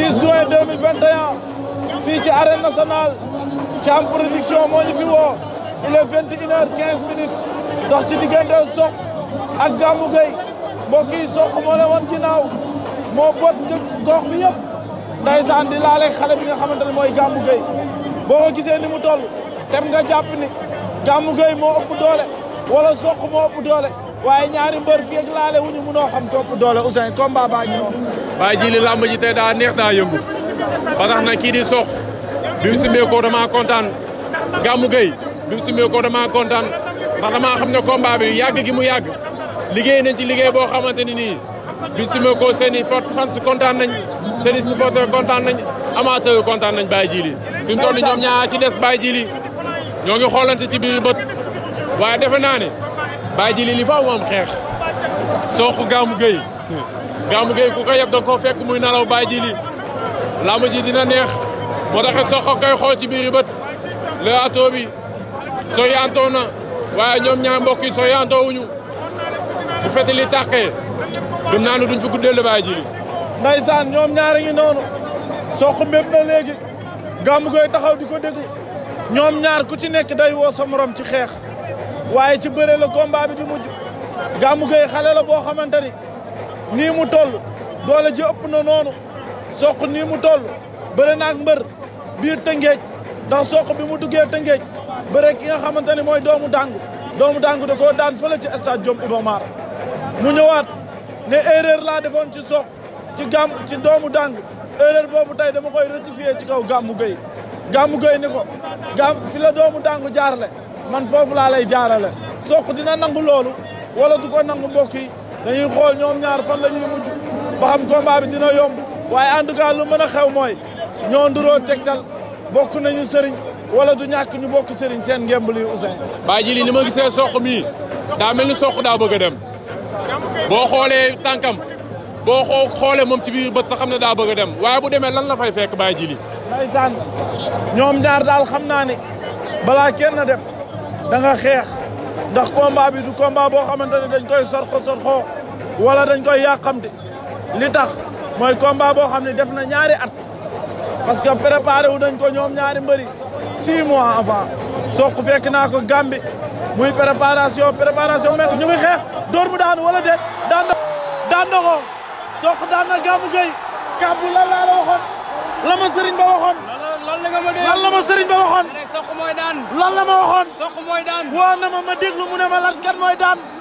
6 juin 2021 fii ci arène nationale Thiam production moo ñu fi woo il est 21 heures 15 minutes dox ci diggante Sokh ak Gamou Gueye mbokk yi Sokh moo wan ginnaaw moo bot gox bi yëpp ndeysaan di laaleeg xale bi nga xamante ne mooy Gamou Gueye boo ko mu toll dem nga jàpp ni Gamou moo ëpp doole wala moo ëpp waaye ñaari mbër fii laale wu ñu mënoo xam topp doole Ousseyn combat baa ñu noonu. waaye ji li ji tey daa neex daa yëngu ba na kii di soq bi mu simee kontaan Gamou Gueye bi mu simee ko kontaan ndax damaa xam ne combat bi yàgg gi mu yàgg liggéey nañ ci liggéey boo xamante ni nii bi mu seen i fans kontaan nañ seen i supporters kontaan nañ amateurs yi kontaan nañ Baye Djili fi mu toll ñoom ñaar ci des Baye Djili ñoo ngi xoolante ci biir bët waaye defe naa ne. bàyyi ji li li faaw mu am xeex sooxu Gamou Gueye Gamou Gueye ku ko yeb da koo fekk muy nalaw bàyyi ji li ji dina neex moo soo soox koy xool ci biir bët le ato bi soo yaantoo waaye ñoom ñaar mbokk yi soo yaantoo wuñu bu fete li tàqee gëm naa ne duñ fi guddee le bàyyi ji li ñoom ñaar a ngi noonu soox mbépp na léegi Gamou Gueye taxaw di ko déglu ñoom ñaar ku ci nekk day woo sa morom ci xeex waaye ci bëre la combat bi di mujj Gamou Gueye xale la boo xamante ni nii mu toll doole ji ëpp na noonu soq nii mu toll bëre naag mbër biir tëngeej ndax soq bi mu duggee tëngéej bëre ki nga xamante ni mooy doomu dàngu doomu dàngu da koo daan fële ci stade Diop Iba Mar mu ñëwaat ne erreur laa defoon ci soq ci gàmm ci doo doomu dàngu erreur boobu tey dama koy rectifier ci kaw Gamou Gueye Gamou Gueye ni ko gàmm fi la doomu dàngu jaarle man foofu laa lay jaarale Sokh dina nangu loolu wala du ko nangu mbokk yi xool ñoom ñaar fan la ñuy mujj ba xam combat dina yomb waaye en tout cas lu mën a xew mooy ñoo nduroo tegtal bokk nañu sëriñ wala du ñàkk ñu bokk sëriñ seen ngemb li Ousseyn. baa ji li ni ma gisee Sokh mii daa mel ni Sokh daa bëgg a dem boo xoolee tànkam boo xoo xoolee moom ci biir bët sax xam ne daa bëgg dem waaye bu demee lan la fay fekk baa ji li. ndeysaan ñoom ñaar daal xam naa ne balaa kenn na dem. da nga xeex ndax combat bi du combat boo xamante ne dañ koy sorxo sorxo wala dañ koy yàqamti li tax mooy combat boo xam ne def na ñaari at parce que préparé wu dañ ko ñoom ñaari mbëri six mois avant soq fekk naa ko gambi muy préparation préparation mett ñu ngi xeex dóor daan wala déet daan na daan na ko soq daan na gàmmu gay kàbbu lan a waxoon la sëriñ ba waxoon lan la ma waxoon. soq mooy ma ma déglu